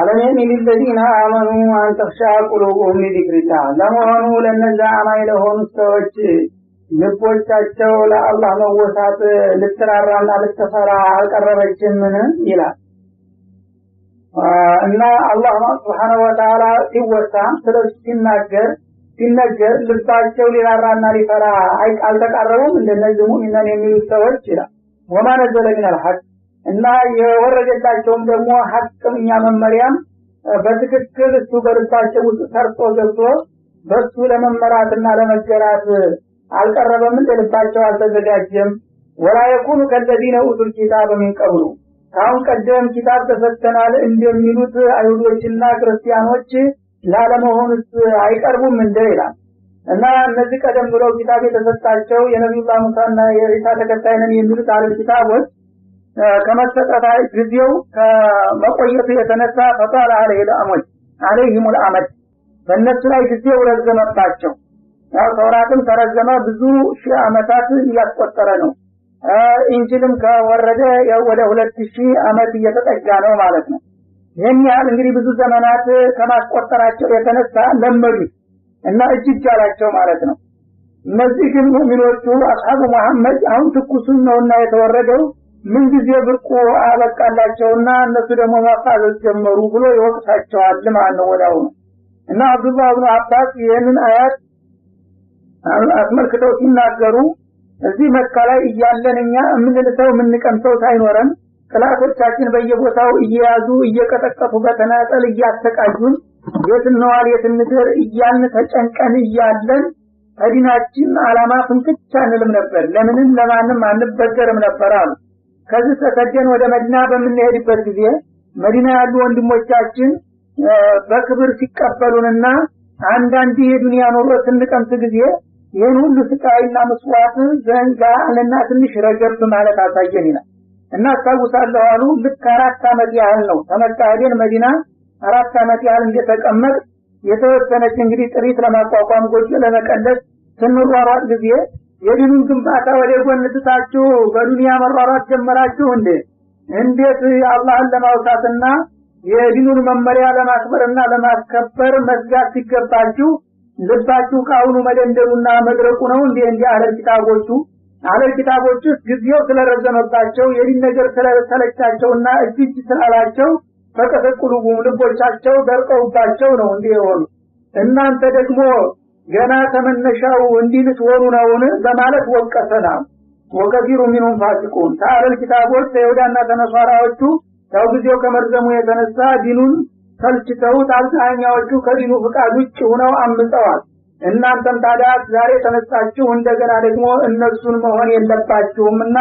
አለም የሚል አመኑ አንተፍሻ ቁሉቡም ሊዚክሪላ ለመሆኑ ለነዛ አማኝ ለሆኑት ሰዎች ልቦቻቸው ለአላህ መወሳት ልትራራና ልትፈራ አልቀረበችምን ይላል እና አላህ ስብሓነሁ ወተዓላ ሲወሳ ስለ ሲናገር ሲነገር ልባቸው ሊራራና ሊፈራ አልተቃረቡም እንደነዚህ ሙእሚናን የሚሉት ሰዎች ይላል ወማ ነዘለ ሚነል ሐቅ እና የወረደላቸውም ደግሞ ሀቅምኛ መመሪያም በትክክል እሱ በልባቸው ውስጥ ሰርጦ ገብቶ በሱ ለመመራትና ለመገራት አልቀረበም እንደ ልባቸው አልተዘጋጀም ወላ የኩኑ ከለዚነ ኡቱል ኪታብ ሚን ቀብሉ ከአሁን ቀደም ኪታብ ተሰጥተናል እንደሚሉት አይሁዶችና ክርስቲያኖች ላለመሆኑስ አይቀርቡም እንደ ይላል እና እነዚህ ቀደም ብለው ኪታብ የተሰጣቸው የነቢዩላ ሙሳና የዒሳ ተከታይነን የሚሉት አለም ኪታቦች ከመሰጠታ ጊዜው ከመቆየቱ የተነሳ ፈጣል አለህ ለአሞች አለይህም ልአመድ በእነሱ ላይ ጊዜው ረዘመባቸው። ያው ተውራትም ተረዘመ ብዙ ሺህ አመታት እያስቆጠረ ነው። እንጅልም ከወረደ ወደ ሁለት ሺህ አመት እየተጠጋ ነው ማለት ነው። ይህን ያህል እንግዲህ ብዙ ዘመናት ከማስቆጠራቸው የተነሳ ለመዱ እና እጅ አላቸው ማለት ነው። እነዚህ ግን ሙሚኖቹ አስሓቡ መሐመድ አሁን ትኩሱን ነውና የተወረደው ምን ጊዜ ብርቁ አበቃላቸውና እነሱ ደግሞ ማፋዘዝ ጀመሩ ብሎ ይወቅሳቸዋል ማለት ነው ወዳው እና አብዱላህ ብኑ አባስ ይህንን አያት አስመልክተው ሲናገሩ እዚህ መካ ላይ እያለን እኛ የምንልሰው የምንቀምሰው ሳይኖረን ጥላቶቻችን በየቦታው እየያዙ እየቀጠቀጡ በተናጠል እያሰቃዩን የት እንዋል የት እንድር እያልን ተጨንቀን እያለን ከዲናችን አላማ ፍንክቻ አንልም ነበር ለምንም ለማንም አንበገርም ነበር አሉ ከዚህ ተሰደን ወደ መዲና በምንሄድበት ጊዜ መዲና ያሉ ወንድሞቻችን በክብር ሲቀበሉንና አንዳንድ የዱንያ ኑሮ ስንቀምስ ጊዜ ይህን ሁሉ ስቃይና መስዋዕት ዘንጋ አለና ትንሽ ረገብ ማለት አሳየን ይላል። እናስታውሳለሁ አሉ። ልክ አራት አመት ያህል ነው ተመቃደን መዲና አራት አመት ያህል እንደተቀመጥ የተወሰነች እንግዲህ ጥሪት ለማቋቋም ጎጆ ለመቀለስ ስንሯሯጥ ጊዜ የዲኑን ግንባታ ወደ ጎን ትታችሁ በዱንያ መሯሯት ጀመራችሁ እንዴ? እንዴት አላህን ለማውሳትና የዲኑን መመሪያ ለማክበርና ለማስከበር መስጋት ሲገባችሁ ልባችሁ ከአሁኑ መደንደኑና መድረቁ ነው እንዴ? እንዲህ አለል ኪታቦቹ አለል ኪታቦች ውስጥ ጊዜው ስለረዘመባቸው የዲን ነገር ስለሰለቻቸውና እጅጅ ስላላቸው ፈቀተቁሉቡም ልቦቻቸው ደርቀውባቸው ነው እንዲህ የሆኑ እናንተ ደግሞ ገና ተመነሻው እንዲህ ልትሆኑ ነውን በማለት ወቀሰና ወከሲሩ ሚንሁም ፋሲቁን ተአለል ኪታቦች ከይሁዳና ከነሷራዎቹ ያው ጊዜው ከመርዘሙ የተነሳ ዲኑን ሰልችተውት አብዛኛዎቹ ከዲኑ ፍቃድ ውጭ ሆነው አምፀዋል። እናንተም ታዲያ ዛሬ ተነሳችሁ እንደገና ደግሞ እነሱን መሆን የለባችሁምና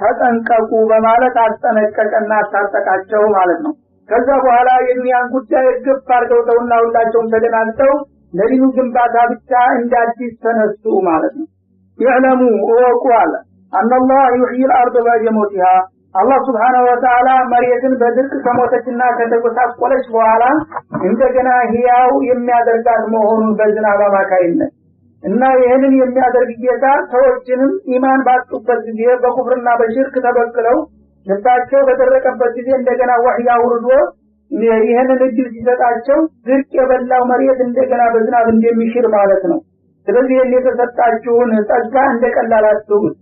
ተጠንቀቁ በማለት አስጠነቀቀና አስታጠቃቸው ማለት ነው። ከዛ በኋላ የዱንያን ጉዳይ እርግፍ አርገው ተውና ሁላቸውም ተደናግጠው ለዲኑ ግንባታ ብቻ እንደ አዲስ ተነሱ ማለት ነው ይዕለሙ እወቁ አለ አናላህ ዩሕይ ልአርድ ባዕደ ሞቲሃ አላህ ስብሓነሁ ወተዓላ መሬትን በድርቅ ከሞተችና ከተጎሳቆለች በኋላ እንደገና ህያው የሚያደርጋት መሆኑን በዝናብ አማካይነት እና ይህንን የሚያደርግ ጌታ ሰዎችንም ኢማን ባጡበት ጊዜ በኩፍርና በሽርክ ተበቅለው ልባቸው በደረቀበት ጊዜ እንደገና ወሕይ አውርዶ ይህንን እድል ሲሰጣቸው ድርቅ የበላው መሬት እንደገና በዝናብ እንደሚሽር ማለት ነው። ስለዚህ ይህን የተሰጣችሁን ጸጋ እንደ ቀላል አትሁን።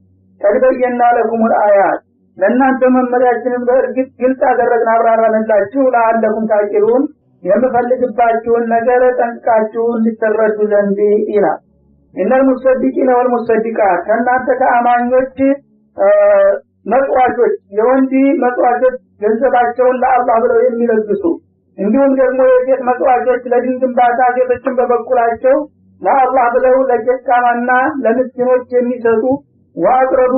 ቀድበየና ለኩሙል አያት ለእናንተ መመሪያችንን በእርግጥ ግልጽ አደረግን አብራራንላችሁ፣ ለአለኩም ታቂሩን የምፈልግባችሁን ነገር ጠንቅቃችሁ እንድትረዱ ዘንድ ይላል። እነል ነወል ወልሙሰዲቃት ከእናንተ ከአማኞች መጽዋቾች፣ የወንዲ መጽዋቾች ገንዘባቸውን ለአላህ ብለው የሚለግሱ እንዲሁም ደግሞ የቤት መስዋዕቶች ለድን ግንባታ ሴቶችን በበኩላቸው ለአላህ ብለው ለደካማና ለምስኪኖች የሚሰጡ ዋቅረዱ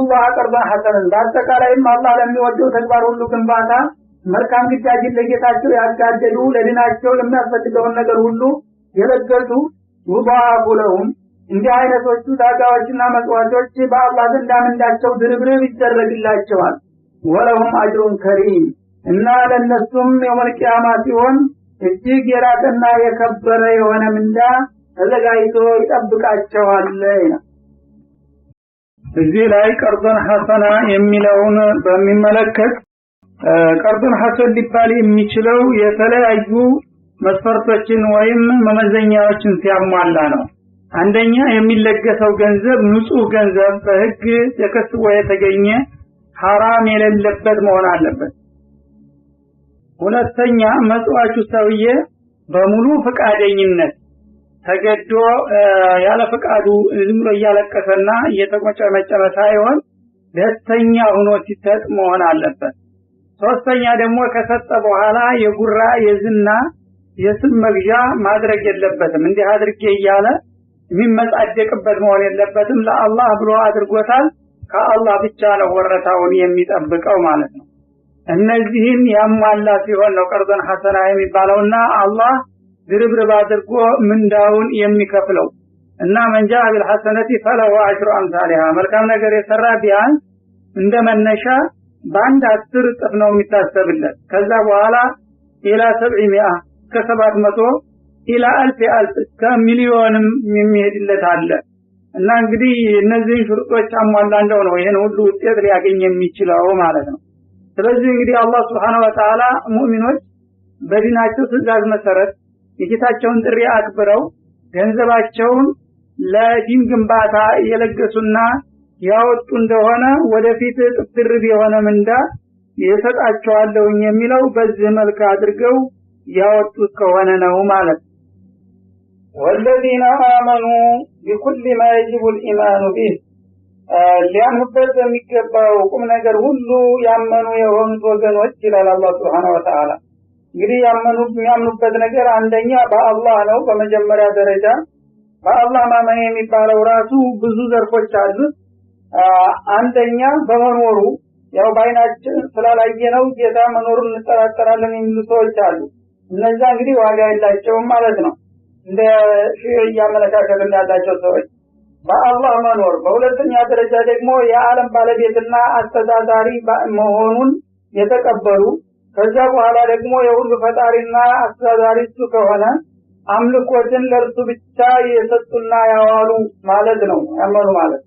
ላህ ሐሰንን በአጠቃላይም አላህ ለሚወደው ተግባር ሁሉ ግንባታ መልካም ግዳጅን ለጌታቸው ያጋደዱ ለድናቸው ለሚያስፈልገውን ነገር ሁሉ የለገሱ ዩባቡ ለሁም እንዲህ አይነቶቹ ዳጋዎችና መጽዋዕቶች በአላህ ዘንድ ድርብርብ ይደረግላቸዋል ወለሁም አጅሩን ከሪም እና ለነሱም የመልቅያማ ሲሆን እጅግ የራቀና የከበረ የሆነ ምንዳ ተዘጋጅቶ ይጠብቃቸዋል ይላል እዚህ ላይ ቀርዶን ሐሰና የሚለውን በሚመለከት ቀርዶን ሐሰን ሊባል የሚችለው የተለያዩ መስፈርቶችን ወይም መመዘኛዎችን ሲያሟላ ነው። አንደኛ የሚለገሰው ገንዘብ ንጹህ ገንዘብ በህግ ተከስቦ የተገኘ حرام የሌለበት መሆን አለበት። ሁለተኛ መጽዋቹ ሰውዬ በሙሉ ፍቃደኝነት ተገዶ ያለ ፍቃዱ ዝም ብሎ እያለቀሰና እየተቆጨመጨመ ሳይሆን ደስተኛ ሆኖ ሲሰጥ መሆን አለበት። ሶስተኛ ደግሞ ከሰጠ በኋላ የጉራ የዝና የስም መግዣ ማድረግ የለበትም። እንዲህ አድርጌ እያለ የሚመጻደቅበት መሆን የለበትም። ለአላህ ብሎ አድርጎታል ከአላህ ብቻ ነው ወረታውን የሚጠብቀው ማለት ነው። እነዚህን ያሟላ ሲሆን ነው ቀርዘን ሐሰና የሚባለውና አላህ ድርብርብ አድርጎ ምንዳውን የሚከፍለው እና መንጃ ሐሰነቲ ፈለሁ አሽሩ አምሳሊሃ መልካም ነገር የሰራ ቢያንስ እንደ መነሻ በአንድ አስር እጥፍ ነው የሚታሰብለት። ከዛ በኋላ ኢላ ሰብዒ ሚአ እስከ ሰባት መቶ ኢላ አልፍ አልፍ እስከ ሚሊዮንም የሚሄድለት አለ። እና እንግዲህ እነዚህ ሽርጦች አሟላ እንደው ነው ይሄን ሁሉ ውጤት ሊያገኝ የሚችለው ማለት ነው ስለዚህ እንግዲህ አላህ ስብሓን ወተላ ሙእሚኖች በዲናቸው ትእዛዝ መሰረት የጌታቸውን ጥሪ አክብረው ገንዘባቸውን ለዲን ግንባታ እየለገሱና ያወጡ እንደሆነ ወደፊት ጥፍድርብ የሆነ ምንዳ የሰጣቸዋለሁኝ የሚለው በዚህ መልክ አድርገው ያወጡት ከሆነ ነው ማለት ነው ወለዚነ አመኑ ቢኩል ማ የጅቡ ልኢማኑ ቢህ ሊያምኑበት በሚገባው ቁም ነገር ሁሉ ያመኑ የሆኑት ወገኖች ይላል አላ ስብሓነ ወተዓላ። እንግዲህ የሚያምኑበት ነገር አንደኛ በአላህ ነው። በመጀመሪያ ደረጃ በአላህ ማመን የሚባለው ራሱ ብዙ ዘርፎች አሉት። አንደኛ በመኖሩ ያው በአይናችን ስላላየ ነው ጌታ መኖሩን እንጠራጠራለን የሚሉ ሰዎች አሉ። እነዛ እንግዲህ ዋጋ የላቸውም ማለት ነው። እንደ ሺህ አመለካከት እንዳላቸው ሰዎች በአላህ መኖር፣ በሁለተኛ ደረጃ ደግሞ የዓለም ባለቤትና አስተዳዳሪ መሆኑን የተቀበሉ ከዛ በኋላ ደግሞ የሁሉ ፈጣሪና አስተዳዳሪ እሱ ከሆነ አምልኮትን ለእርሱ ብቻ የሰጡና ያዋሉ ማለት ነው። ያመኑ ማለት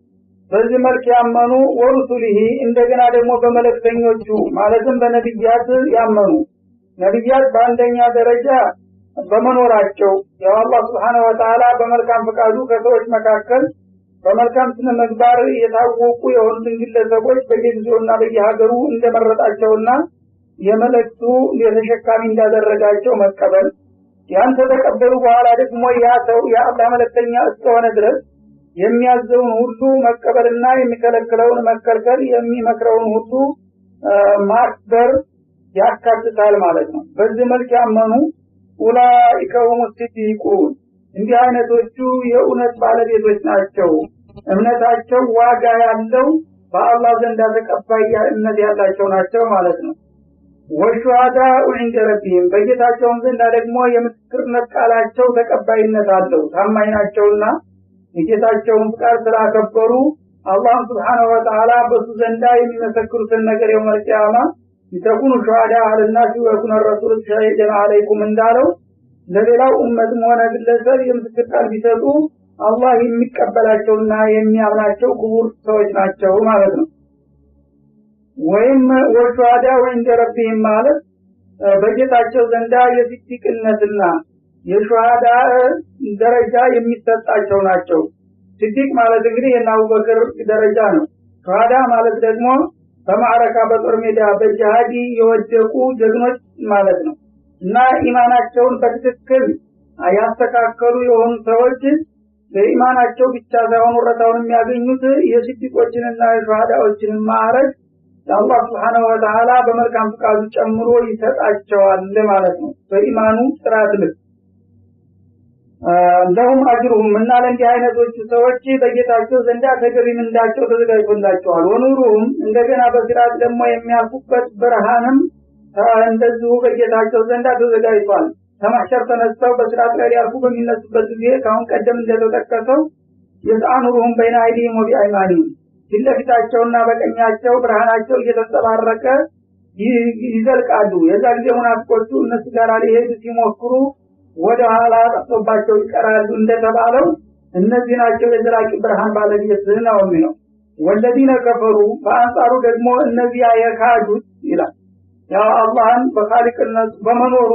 በዚህ መልክ ያመኑ ወሩሱልህ እንደገና ደግሞ በመለክተኞቹ ማለትም በነቢያት ያመኑ ነቢያት በአንደኛ ደረጃ በመኖራቸው ያው አላህ ስብሓነ ወተዓላ በመልካም ፈቃዱ ከሰዎች መካከል በመልካም ስነ ምግባር የታወቁ የሆኑትን ግለሰቦች በየጊዜውና በየሀገሩ እንደመረጣቸውና የመለክቱ የተሸካሚ እንዳደረጋቸው መቀበል ያን ተቀበሉ በኋላ ደግሞ ያ ሰው የአላህ መለክተኛ እስከሆነ ድረስ የሚያዘውን ሁሉ መቀበልና የሚከለክለውን መከልከል የሚመክረውን ሁሉ ማክበር ያካትታል ማለት ነው። በዚህ መልክ ያመኑ ኡላኢከ ሁሙ ሲዲቁን እንዲህ አይነቶቹ የእውነት ባለቤቶች ናቸው እምነታቸው ዋጋ ያለው በአላህ ዘንዳ ተቀባይ ያላቸው ናቸው ማለት ነው ወሹሃዳ ዑንደ ረቢህም በጌታቸውን ዘንዳ ደግሞ የምስክርነት ቃላቸው ተቀባይነት አለው ታማኝ ናቸውና የጌታቸውን ቃል ስላከበሩ አላህም ስብሓነሁ ወተዓላ በሱ ዘንዳ የሚመሰክሩትን ነገር የውመል ይተኩኑ ሸሃዳ አለናሲ ወይኩነ ረሱል ሸሂደን አለይኩም እንዳለው ለሌላው ኡመትም ሆነ ግለሰብ የምስክር ቃል ቢሰጡ አላህ የሚቀበላቸውና የሚያምናቸው ክቡር ሰዎች ናቸው ማለት ነው። ወይም ወሸዋዳ ወይ ረቢህም ማለት በጌታቸው ዘንዳ የሲዲቅነትና የሸዋዳ ደረጃ የሚሰጣቸው ናቸው። ሲዲቅ ማለት እንግዲህ የእነ አቡበክር ደረጃ ነው። ሸዋዳ ማለት ደግሞ በማዕረካ በጦር ሜዳ በጃሃዲ የወደቁ ጀግኖች ማለት ነው እና ኢማናቸውን በትክክል ያስተካከሉ የሆኑ ሰዎች በኢማናቸው ብቻ ሳይሆን ወረታውን የሚያገኙት የስዲቆችንና የሸሃዳዎችን ማዕረግ አላህ ስብሓነሁ ወተላ በመልካም ፍቃዱ ጨምሮ ይሰጣቸዋል ማለት ነው በኢማኑ ጥራት ልብ እንደውም አጅሩም እና ለእንዲህ አይነቶች ሰዎች በጌታቸው ዘንዳ ተገቢ እንዳቸው ተዘጋጅቶላቸዋል። ወኑሩሁም እንደገና በስርዓት ደግሞ የሚያልፉበት ብርሃንም እንደዚሁ በጌታቸው ዘንዳ ተዘጋጅቷል። ተማሸር ተነስተው በስርዓት ላይ ሊያልፉ በሚነሱበት ጊዜ ከአሁን ቀደም እንደተጠቀሰው የሰአኑሩሁም በይነ አይዲሂም ወቢ አይማኒም ፊትለፊታቸውና በቀኛቸው ብርሃናቸው እየተንጸባረቀ ይዘልቃሉ። የዛ ጊዜ ሙናፊቆቹ እነሱ ጋር ሊሄዱ ሲሞክሩ ወደ ኋላ ጠፍቶባቸው ይቀራሉ እንደተባለው እነዚህ ናቸው የዘላቂ ብርሃን ባለቤት ነው የሚለው ወለዚነ ከፈሩ በአንጻሩ ደግሞ እነዚያ የካዱት ይላል ያው አላህን በካሊቅነቱ በመኖሩ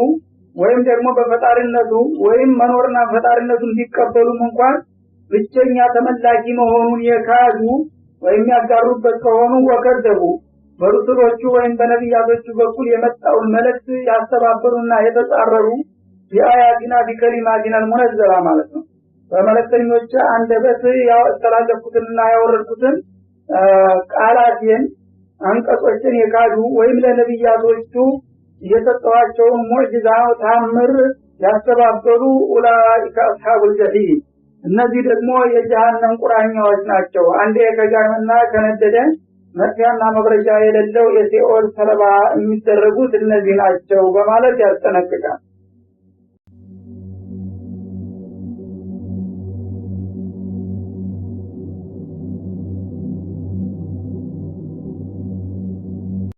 ወይም ደግሞ በፈጣሪነቱ ወይም መኖርና ፈጣሪነቱን ቢቀበሉም እንኳን ብቸኛ ተመላኪ መሆኑን የካዱ ወይም ያጋሩበት ከሆኑ ወከደቡ በሩስሎቹ ወይም በነቢያቶቹ በኩል የመጣውን መልእክት ያስተባበሩና የተጻረሩ የአያቲና ቢከሊማቲናል ሙነዘላ ማለት ነው በመለክተኞች አንደበት ያስተላለፍኩትንና ያወረድኩትን ቃላቴን አንቀጾችን የካዱ ወይም ለነቢያቶቹ የሰጠኋቸውን ሙዕጅዛ ታምር ያስተባበሉ ኡላኢከ አስሓቡል ጀሂም እነዚህ ደግሞ የጀሃነም ቁራኛዎች ናቸው አንዴ ከጋምና ከነደደ መጥያና መብረጃ የሌለው የሲኦል ሰለባ የሚደረጉት እነዚህ ናቸው በማለት ያስጠነቅቃል